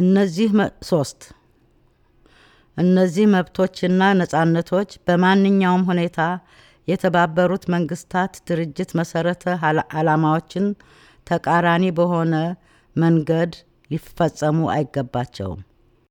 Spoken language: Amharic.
እነዚህ ሶስት እነዚህ መብቶችና ነጻነቶች በማንኛውም ሁኔታ የተባበሩት መንግስታት ድርጅት መሰረተ ዓላማዎችን ተቃራኒ በሆነ መንገድ ሊፈጸሙ አይገባቸውም